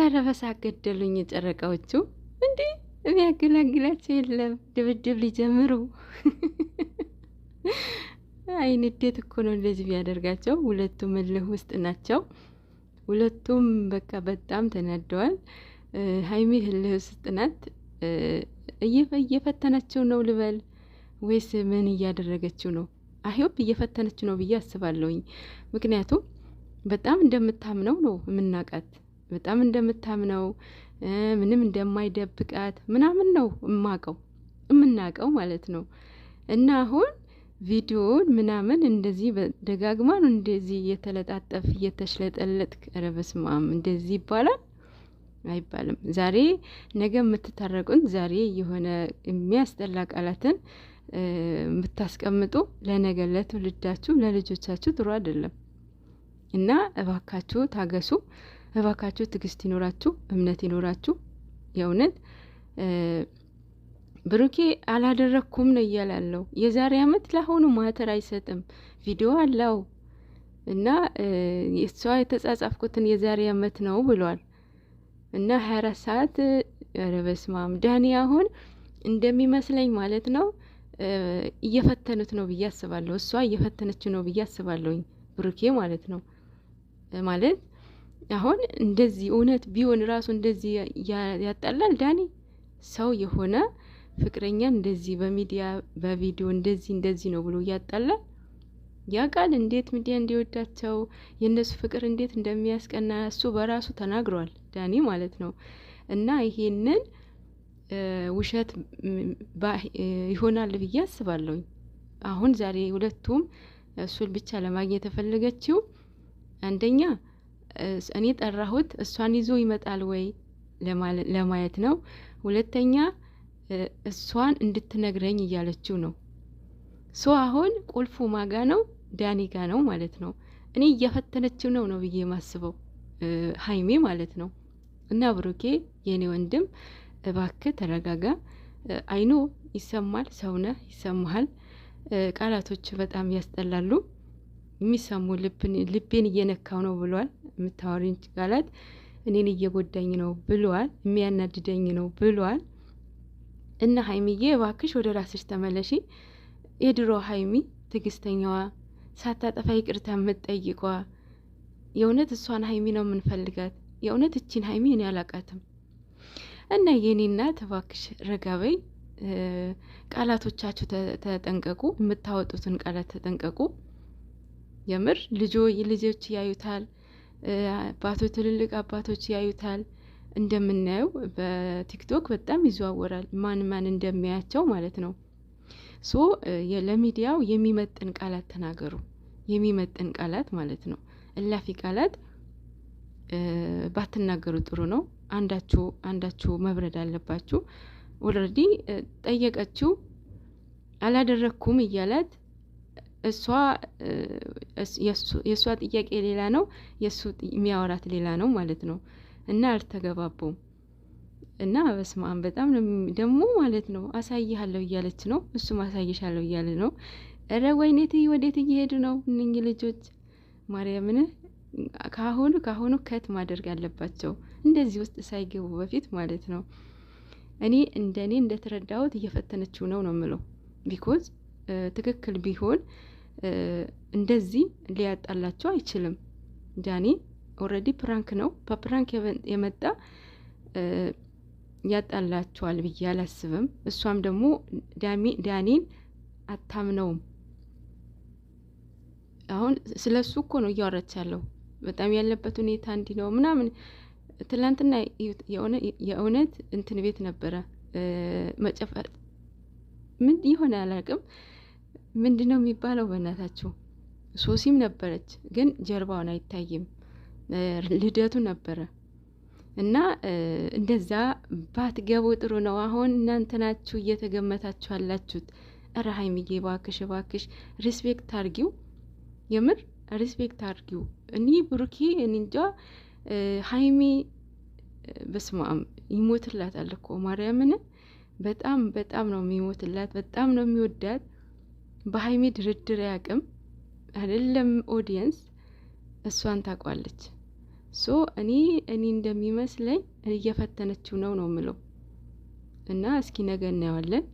ኧረ በሳቅ ገደሉኝ ጨረቃዎቹ። እንዴ የሚያገላግላቸው የለም። ድብድብ ሊጀምሩ አይን ዴት እኮ ነው እንደዚህ ቢያደርጋቸው። ሁለቱም እልህ ውስጥ ናቸው። ሁለቱም በቃ በጣም ተናደዋል። ሀይሚ እልህ ውስጥ ናት። እየፈተነችው ነው ልበል ወይስ ምን እያደረገችው ነው? አይሆፕ እየፈተነችው ነው ብዬ አስባለሁኝ። ምክንያቱም በጣም እንደምታምነው ነው የምናውቃት በጣም እንደምታምነው ምንም እንደማይደብቃት ምናምን ነው እማቀው የምናቀው ማለት ነው። እና አሁን ቪዲዮውን ምናምን እንደዚህ ደጋግማን እንደዚህ እየተለጣጠፍ እየተሽለጠለጥክ ኧረ በስመ አብ እንደዚህ ይባላል አይባልም። ዛሬ ነገ የምትታረቁን ዛሬ የሆነ የሚያስጠላ ቃላትን የምታስቀምጡ ለነገ ለትውልዳችሁ ለልጆቻችሁ ጥሩ አይደለም እና እባካችሁ ታገሱ። እባካችሁ ትግስት ይኖራችሁ፣ እምነት ይኖራችሁ። የእውነት ብሩኬ አላደረግኩም ነው እያላለው። የዛሬ አመት ለአሁኑ ማህተር አይሰጥም ቪዲዮ አለው እና እሷ የተጻጻፍኩትን የዛሬ አመት ነው ብሏል እና ሀያ አራት ሰዓት ኧረ በስመ አብ ዳኒ አሁን እንደሚመስለኝ ማለት ነው እየፈተኑት ነው ብዬ አስባለሁ። እሷ እየፈተነች ነው ብዬ አስባለሁኝ ብሩኬ ማለት ነው ማለት አሁን እንደዚህ እውነት ቢሆን ራሱ እንደዚህ ያጣላል። ዳኒ ሰው የሆነ ፍቅረኛ እንደዚህ በሚዲያ በቪዲዮ እንደዚህ እንደዚህ ነው ብሎ እያጣላል። ያ ቃል እንዴት ሚዲያ እንዲወዳቸው የእነሱ ፍቅር እንዴት እንደሚያስቀና እሱ በራሱ ተናግሯል፣ ዳኒ ማለት ነው። እና ይሄንን ውሸት ይሆናል ብዬ አስባለሁኝ። አሁን ዛሬ ሁለቱም እሱን ብቻ ለማግኘት የፈለገችው አንደኛ እኔ ጠራሁት እሷን ይዞ ይመጣል ወይ ለማየት ነው። ሁለተኛ እሷን እንድትነግረኝ እያለችው ነው። ሶ አሁን ቁልፉ ማጋ ነው ዳኒ ጋ ነው ማለት ነው። እኔ እያፈተነችው ነው ነው ብዬ የማስበው ሀይሜ ማለት ነው። እና ብሩኬ የእኔ ወንድም እባክ ተረጋጋ። አይኖ ይሰማል፣ ሰውነ ይሰማሃል። ቃላቶች በጣም ያስጠላሉ። የሚሰሙ ልቤን እየነካው ነው ብሏል። የምታወሪኝ ቃላት እኔን እየጎዳኝ ነው ብሏል፣ የሚያናድደኝ ነው ብሏል። እና ሀይሚዬ እባክሽ ወደ ራስሽ ተመለሺ። የድሮ ሀይሚ ትዕግስተኛዋ፣ ሳታጠፋ ይቅርታ የምትጠይቋ የእውነት እሷን ሀይሚ ነው የምንፈልጋት። የእውነት እቺን ሀይሚ እኔ አላቃትም። እና የኔ እናት እባክሽ ረጋ በይ። ቃላቶቻችሁ ተጠንቀቁ፣ የምታወጡትን ቃላት ተጠንቀቁ። የምር ልጆ ልጆች ያዩታል። አባቶች ትልልቅ አባቶች ያዩታል። እንደምናየው በቲክቶክ በጣም ይዘዋወራል፣ ማን ማን እንደሚያያቸው ማለት ነው። ሶ ለሚዲያው የሚመጥን ቃላት ተናገሩ፣ የሚመጥን ቃላት ማለት ነው። እላፊ ቃላት ባትናገሩ ጥሩ ነው። አንዳችሁ አንዳችሁ መብረድ አለባችሁ። ኦልሬዲ ጠየቀችው አላደረግኩም እያላት እሷ የእሷ ጥያቄ ሌላ ነው፣ የእሱ የሚያወራት ሌላ ነው ማለት ነው። እና አልተገባቡም። እና በስማም በጣም ደግሞ ማለት ነው አሳይሃለሁ እያለች ነው፣ እሱም አሳይሻለሁ እያለ ነው። እረ ወይኔት ወዴት እየሄዱ ነው እነኝ ልጆች? ማርያምን ካሁኑ ካሁኑ ከት ማድረግ አለባቸው እንደዚህ ውስጥ ሳይገቡ በፊት ማለት ነው። እኔ እንደ እኔ እንደተረዳሁት እየፈተነችው ነው ነው ምለው ቢኮዝ ትክክል ቢሆን እንደዚህ ሊያጣላቸው አይችልም። ጃኒ ኦልሬዲ ፕራንክ ነው። በፕራንክ የመጣ ያጣላቸዋል ብዬ አላስብም። እሷም ደግሞ ዳኒን አታምነውም። አሁን ስለ እሱ እኮ ነው እያወራች ያለው። በጣም ያለበት ሁኔታ እንዲህ ነው ምናምን። ትላንትና የእውነት እንትን ቤት ነበረ መጨፈር ምን የሆነ አላቅም ምንድን ነው የሚባለው? በእናታችሁ ሶሲም ነበረች፣ ግን ጀርባውን አይታይም። ልደቱ ነበረ እና እንደዛ ባትገቡ ጥሩ ነው። አሁን እናንተ ናችሁ እየተገመታችሁ ያላችሁት። እረ ሀይሚዬ ባክሽ ባክሽ ሪስፔክት አርጊው፣ የምር ሪስፔክት አርጊው። እኒ ብሩኪ እንጃ ሀይሚ በስማም ይሞትላታል እኮ ማርያምን። በጣም በጣም ነው የሚሞትላት፣ በጣም ነው የሚወዳት በሀይሚ ድርድር ያቅም አይደለም። ኦዲየንስ እሷን ታውቋለች። ሶ እኔ እኔ እንደሚመስለኝ እየፈተነችው ነው ነው ምለው እና እስኪ ነገ እናየዋለን።